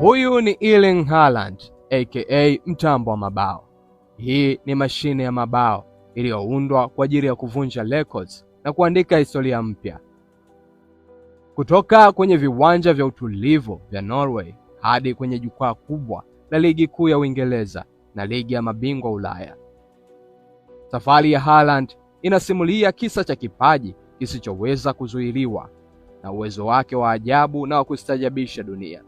Huyu ni Erling Haaland aka mtambo wa mabao. Hii ni mashine ya mabao iliyoundwa kwa ajili ya kuvunja records na kuandika historia mpya. Kutoka kwenye viwanja vya utulivu vya Norway hadi kwenye jukwaa kubwa la ligi kuu ya Uingereza na ligi ya mabingwa Ulaya. Safari ya Haaland inasimulia kisa cha kipaji kisichoweza kuzuiliwa na uwezo wake wa ajabu na wa kustajabisha dunia.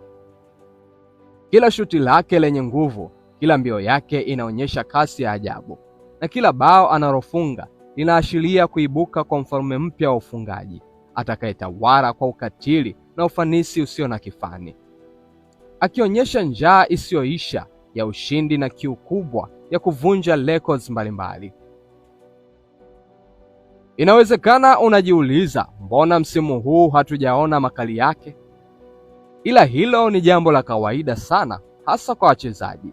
Kila shuti lake lenye nguvu, kila mbio yake inaonyesha kasi ya ajabu, na kila bao analofunga linaashiria kuibuka kwa mfalme mpya wa ufungaji atakayetawala kwa ukatili na ufanisi usio na kifani, akionyesha njaa isiyoisha ya ushindi na kiu kubwa ya kuvunja records mbalimbali. Inawezekana unajiuliza, mbona msimu huu hatujaona makali yake? ila hilo ni jambo la kawaida sana, hasa kwa wachezaji.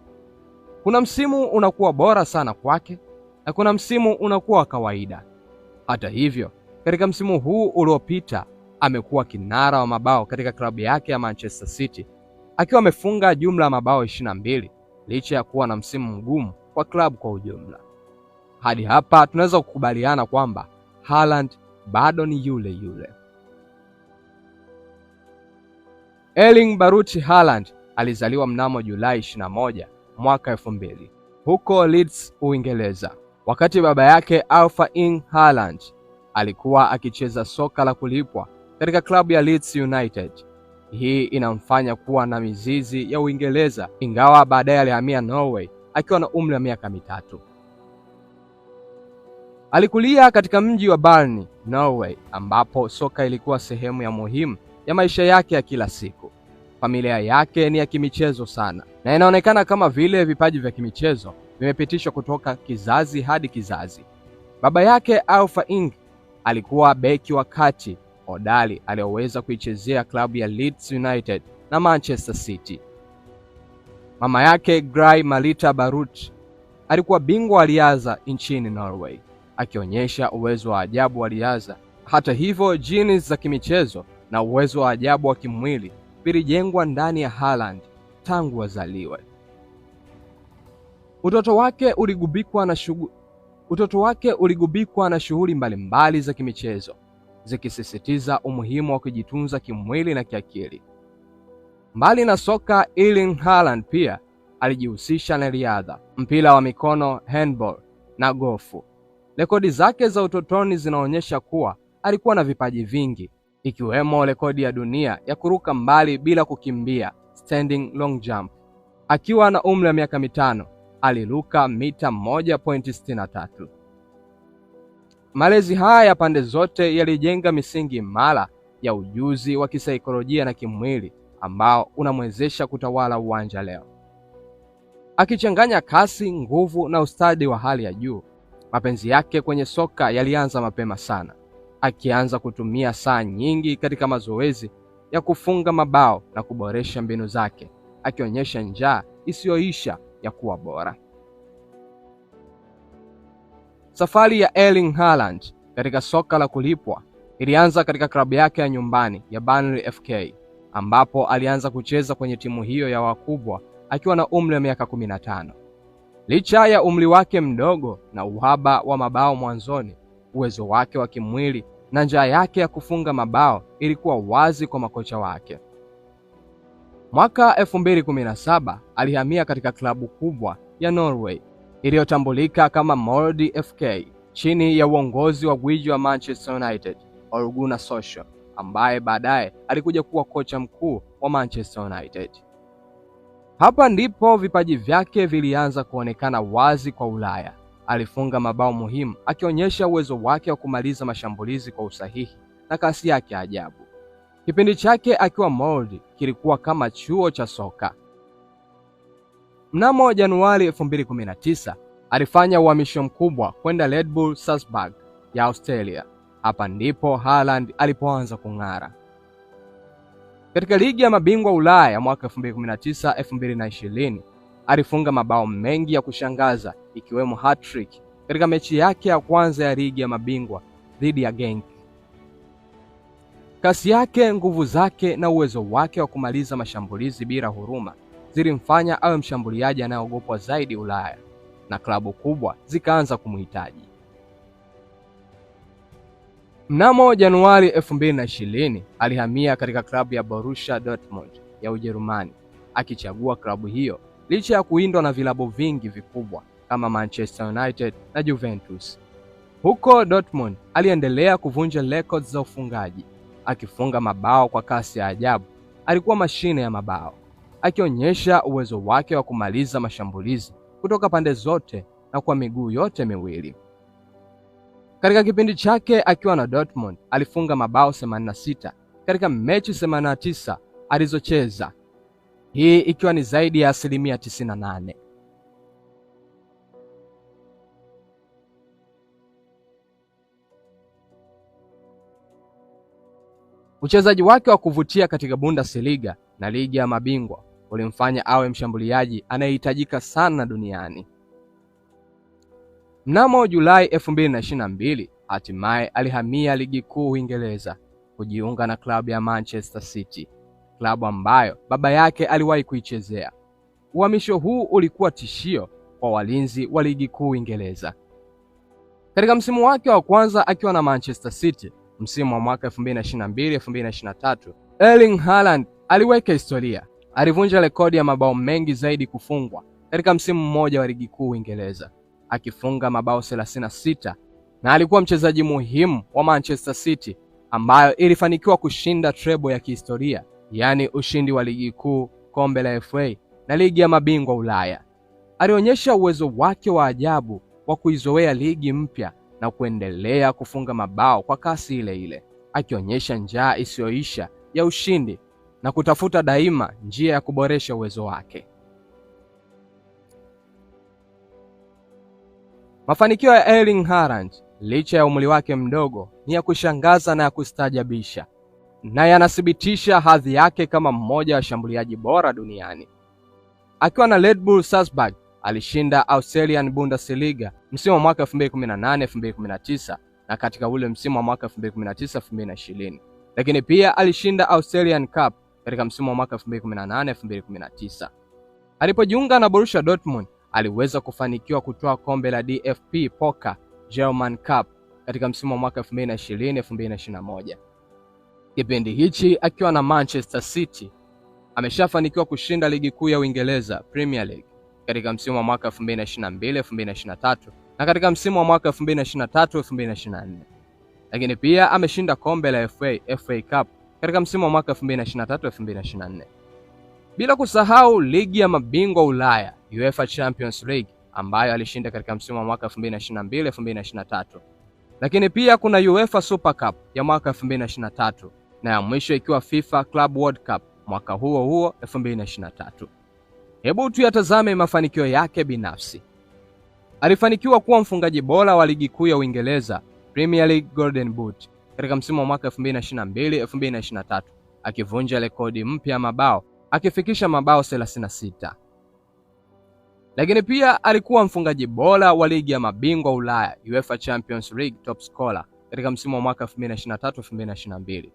Kuna msimu unakuwa bora sana kwake na kuna msimu unakuwa wa kawaida. Hata hivyo, katika msimu huu uliopita amekuwa kinara wa mabao katika klabu yake ya Manchester City akiwa amefunga jumla ya mabao 22 licha ya kuwa na msimu mgumu kwa klabu kwa ujumla. Hadi hapa tunaweza kukubaliana kwamba Haaland bado ni yule yule. Erling Baruch Haaland alizaliwa mnamo Julai 21 mwaka 2000 huko Leeds, Uingereza. Wakati baba yake Alpha Ing Haaland alikuwa akicheza soka la kulipwa katika klabu ya Leeds United. Hii inamfanya kuwa na mizizi ya Uingereza, ingawa baadaye alihamia Norway akiwa na umri wa miaka mitatu. Alikulia katika mji wa Barni, Norway, ambapo soka ilikuwa sehemu ya muhimu ya maisha yake ya kila siku. Familia yake ni ya kimichezo sana, na inaonekana kama vile vipaji vya kimichezo vimepitishwa kutoka kizazi hadi kizazi. Baba yake Alpha Ing alikuwa beki wa kati hodari aliyoweza kuichezea klabu ya Leeds United na Manchester City. Mama yake Gray Marita Barut alikuwa bingwa wa riadha nchini Norway, akionyesha uwezo wa ajabu wa riadha. Hata hivyo, jini za kimichezo na uwezo wa ajabu wa kimwili vilijengwa ndani ya Haaland tangu azaliwe. Utoto wake uligubikwa na shughuli utoto wake uligubikwa na shughuli mbalimbali za kimichezo zikisisitiza umuhimu wa kujitunza kimwili na kiakili. Mbali na soka, Erling Haaland pia alijihusisha na riadha, mpira wa mikono, handball na gofu. Rekodi zake za utotoni zinaonyesha kuwa alikuwa na vipaji vingi ikiwemo rekodi ya dunia ya kuruka mbali bila kukimbia standing long jump. Akiwa na umri wa miaka mitano aliruka mita 1.63. Malezi haya ya pande zote yalijenga misingi imara ya ujuzi wa kisaikolojia na kimwili ambao unamwezesha kutawala uwanja leo. Akichanganya kasi, nguvu na ustadi wa hali ya juu, mapenzi yake kwenye soka yalianza mapema sana akianza kutumia saa nyingi katika mazoezi ya kufunga mabao na kuboresha mbinu zake, akionyesha njaa isiyoisha ya kuwa bora. Safari ya Erling Haaland katika soka la kulipwa ilianza katika klabu yake ya nyumbani ya Burnley FK, ambapo alianza kucheza kwenye timu hiyo ya wakubwa akiwa na umri wa miaka 15. Licha ya umri wake mdogo na uhaba wa mabao mwanzoni, Uwezo wake wa kimwili na njaa yake ya kufunga mabao ilikuwa wazi kwa makocha wake. Mwaka 2017 alihamia katika klabu kubwa ya Norway iliyotambulika kama Molde FK chini ya uongozi wa gwiji wa Manchester United Ole Gunnar Solskjaer ambaye baadaye alikuja kuwa kocha mkuu wa Manchester United. Hapa ndipo vipaji vyake vilianza kuonekana wazi kwa Ulaya alifunga mabao muhimu akionyesha uwezo wake wa kumaliza mashambulizi kwa usahihi na kasi yake ajabu. Kipindi chake akiwa Molde kilikuwa kama chuo cha soka. Mnamo Januari 2019 alifanya uhamisho mkubwa kwenda Red Bull Salzburg ya Australia. Hapa ndipo Haaland alipoanza kung'ara katika ligi ya mabingwa Ulaya mwaka 2019-2020 alifunga mabao mengi ya kushangaza ikiwemo hat-trick katika mechi yake ya kwanza ya ligi ya mabingwa dhidi ya Genk. Kasi yake, nguvu zake na uwezo wake wa kumaliza mashambulizi bila huruma zilimfanya awe mshambuliaji anayeogopwa zaidi Ulaya na klabu kubwa zikaanza kumhitaji. Mnamo Januari 2020 alihamia katika klabu ya Borussia Dortmund ya Ujerumani, akichagua klabu hiyo licha ya kuindwa na vilabu vingi vikubwa kama Manchester United na Juventus. Huko Dortmund aliendelea kuvunja records za ufungaji, akifunga mabao kwa kasi ya ajabu. Alikuwa mashine ya mabao, akionyesha uwezo wake wa kumaliza mashambulizi kutoka pande zote na kwa miguu yote miwili. Katika kipindi chake akiwa na Dortmund alifunga mabao 86 katika mechi 89 alizocheza hii ikiwa ni zaidi ya asilimia 98. Uchezaji wake wa kuvutia katika Bundesliga na ligi ya mabingwa ulimfanya awe mshambuliaji anayehitajika sana duniani. Mnamo Julai 2022 hatimaye alihamia ligi kuu Uingereza kujiunga na klabu ya Manchester City klabu ambayo baba yake aliwahi kuichezea. Uhamisho huu ulikuwa tishio kwa walinzi wa ligi kuu Uingereza. Katika msimu wake wa kwanza akiwa na Manchester City, msimu wa mwaka 2022 2023, Erling Haaland aliweka historia. Alivunja rekodi ya mabao mengi zaidi kufungwa katika msimu mmoja wa ligi kuu Uingereza, akifunga mabao 36 na alikuwa mchezaji muhimu wa Manchester City ambayo ilifanikiwa kushinda treble ya kihistoria yaani ushindi wa ligi kuu, kombe la FA na ligi ya mabingwa Ulaya. Alionyesha uwezo wake wa ajabu wa kuizoea ligi mpya na kuendelea kufunga mabao kwa kasi ile ile, akionyesha njaa isiyoisha ya ushindi na kutafuta daima njia ya kuboresha uwezo wake. Mafanikio ya Erling Haaland licha ya umri wake mdogo ni ya kushangaza na ya kustaajabisha na yanathibitisha hadhi yake kama mmoja wa washambuliaji bora duniani. Akiwa na Red Bull Salzburg alishinda Australian Bundesliga msimu wa mwaka 2018 2019 na katika ule msimu wa mwaka 2019 2020, lakini pia alishinda Australian Cup katika msimu wa mwaka 2018 2019. Alipojiunga na Borussia Dortmund aliweza kufanikiwa kutoa kombe la dfp Pokal German Cup katika msimu wa mwaka 2020 2021. Kipindi hichi akiwa na Manchester City ameshafanikiwa kushinda ligi kuu ya Uingereza Premier League katika msimu wa mwaka 2022 2023 na katika msimu wa mwaka 2023 2024, lakini pia ameshinda kombe la FA, FA Cup katika msimu wa mwaka 2023 2024, bila kusahau ligi ya mabingwa Ulaya UEFA Champions League ambayo alishinda katika msimu wa mwaka 2022 2023, lakini pia kuna UEFA Super Cup ya mwaka 2023 na ya mwisho ikiwa FIFA Club World Cup mwaka huo huo 2023. Hebu tuyatazame mafanikio yake binafsi. Alifanikiwa kuwa mfungaji bora wa ligi kuu ya Uingereza, Premier League Golden Boot, katika msimu wa mwaka 2022-2023, akivunja rekodi mpya ya mabao akifikisha mabao 36. Lakini pia alikuwa mfungaji bora wa ligi ya mabingwa Ulaya, UEFA Champions League top scorer, katika msimu wa mwaka 2023-2022.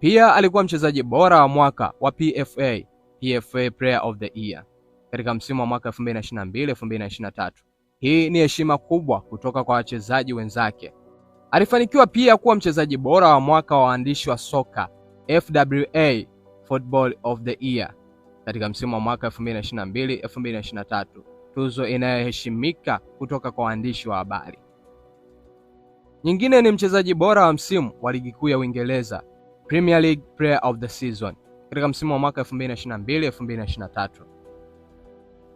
Pia alikuwa mchezaji bora wa mwaka wa PFA, PFA Player of the Year katika msimu wa mwaka 2022 2023. Hii ni heshima kubwa kutoka kwa wachezaji wenzake. Alifanikiwa pia kuwa mchezaji bora wa mwaka wa waandishi wa soka FWA Football of the Year katika msimu wa mwaka 2022 2023, tuzo inayoheshimika kutoka kwa waandishi wa habari. Nyingine ni mchezaji bora wa msimu wa ligi kuu ya Uingereza Premier League Player of the Season katika msimu wa mwaka 2022 2023.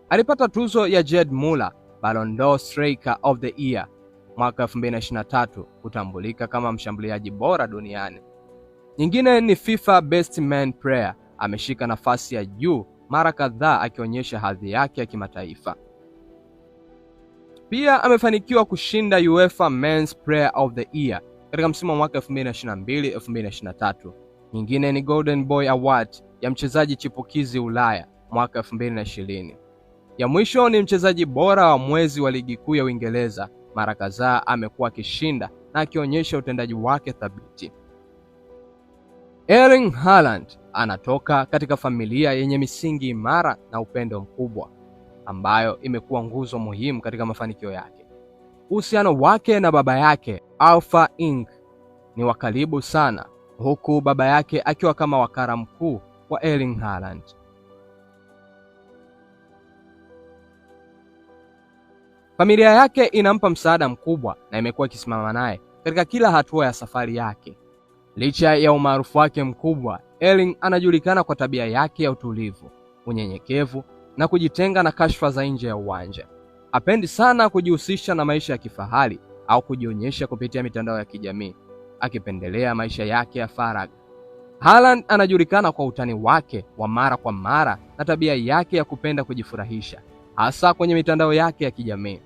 Alipata tuzo ya Jed Muller Ballon d'Or Striker of the Year mwaka 2023, kutambulika kama mshambuliaji bora duniani. Nyingine ni FIFA Best Man Player, ameshika nafasi ya juu mara kadhaa akionyesha hadhi yake ya kimataifa. Pia amefanikiwa kushinda UEFA Men's Player of the Year 2022-2023 katika msimu wa mwaka 2022 2023. Nyingine ni Golden Boy Award ya mchezaji chipukizi Ulaya mwaka 2020. Ya mwisho ni mchezaji bora wa mwezi wa ligi kuu ya Uingereza. Mara kadhaa amekuwa akishinda na akionyesha utendaji wake thabiti. Erling Haaland anatoka katika familia yenye misingi imara na upendo mkubwa ambayo imekuwa nguzo muhimu katika mafanikio yake. Uhusiano wake na baba yake Alpha Inc. ni wa karibu sana, huku baba yake akiwa kama wakala mkuu wa Erling Haaland. Familia yake inampa msaada mkubwa na imekuwa ikisimama naye katika kila hatua ya safari yake. Licha ya umaarufu wake mkubwa, Erling anajulikana kwa tabia yake ya utulivu, unyenyekevu na kujitenga na kashfa za nje ya uwanja. apendi sana kujihusisha na maisha ya kifahari au kujionyesha kupitia mitandao ya kijamii, akipendelea maisha yake ya faragha. Haaland anajulikana kwa utani wake wa mara kwa mara na tabia yake ya kupenda kujifurahisha, hasa kwenye mitandao yake ya kijamii.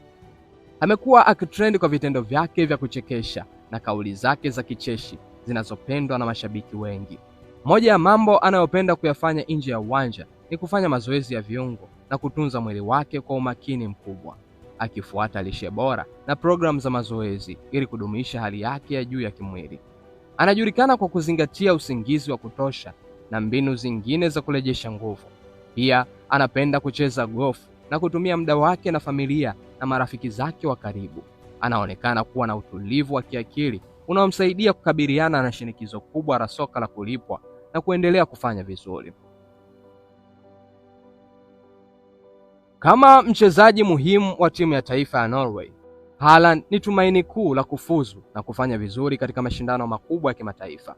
Amekuwa akitrendi kwa vitendo vyake vya kuchekesha na kauli zake za kicheshi zinazopendwa na mashabiki wengi. Moja ya mambo anayopenda kuyafanya nje ya uwanja ni kufanya mazoezi ya viungo na kutunza mwili wake kwa umakini mkubwa akifuata lishe bora na programu za mazoezi ili kudumisha hali yake ya juu ya kimwili. Anajulikana kwa kuzingatia usingizi wa kutosha na mbinu zingine za kurejesha nguvu. Pia anapenda kucheza golf na kutumia muda wake na familia na marafiki zake wa karibu. Anaonekana kuwa na utulivu wa kiakili unaomsaidia kukabiliana na shinikizo kubwa la soka la kulipwa na kuendelea kufanya vizuri. Kama mchezaji muhimu wa timu ya taifa ya Norway, Haaland ni tumaini kuu la kufuzu na kufanya vizuri katika mashindano makubwa ya kimataifa.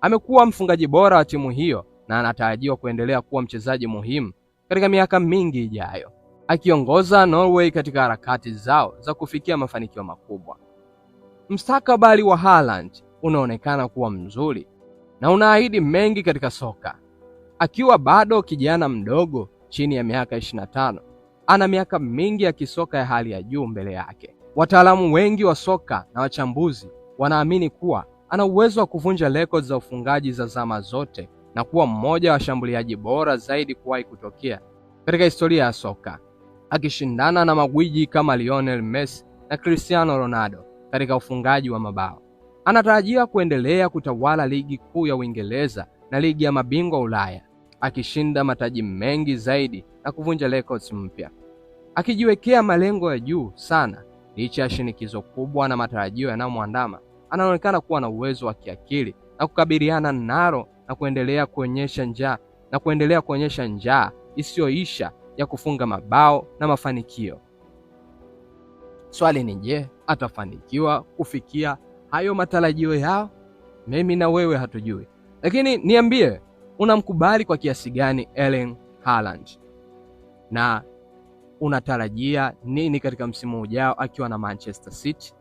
Amekuwa mfungaji bora wa timu hiyo na anatarajiwa kuendelea kuwa mchezaji muhimu katika miaka mingi ijayo, akiongoza Norway katika harakati zao za kufikia mafanikio makubwa. Mstakabali wa Haaland unaonekana kuwa mzuri na unaahidi mengi katika soka. Akiwa bado kijana mdogo chini ya miaka 25. Ana miaka mingi ya kisoka ya hali ya juu mbele yake. Wataalamu wengi wa soka na wachambuzi wanaamini kuwa ana uwezo wa kuvunja rekodi za ufungaji za zama zote na kuwa mmoja wa washambuliaji bora zaidi kuwahi kutokea katika historia ya soka, akishindana na magwiji kama Lionel Messi na Cristiano Ronaldo katika ufungaji wa mabao. Anatarajiwa kuendelea kutawala ligi kuu ya Uingereza na ligi ya mabingwa Ulaya akishinda mataji mengi zaidi na kuvunja records mpya, akijiwekea malengo ya juu sana. Licha ya shinikizo kubwa na matarajio yanayomwandama, anaonekana kuwa na uwezo wa kiakili na kukabiliana nalo na kuendelea kuonyesha njaa na kuendelea kuonyesha njaa isiyoisha ya kufunga mabao na mafanikio. Swali ni je, atafanikiwa kufikia hayo matarajio yao? Mimi na wewe hatujui, lakini niambie unamkubali kwa kiasi gani Erling Haaland na unatarajia nini katika msimu ujao akiwa na Manchester City?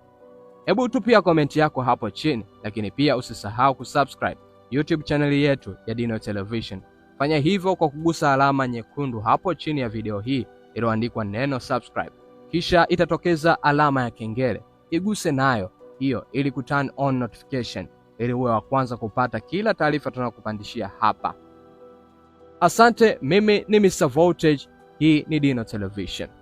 Hebu tupia komenti yako hapo chini, lakini pia usisahau kusubscribe YouTube chaneli yetu ya Dino Television. Fanya hivyo kwa kugusa alama nyekundu hapo chini ya video hii iliyoandikwa neno subscribe, kisha itatokeza alama ya kengele, iguse nayo hiyo ili kuturn on notification ili uwe wa kwanza kupata kila taarifa tunayokupandishia hapa. Asante, mimi ni Mr Voltage, hii ni Dino Television.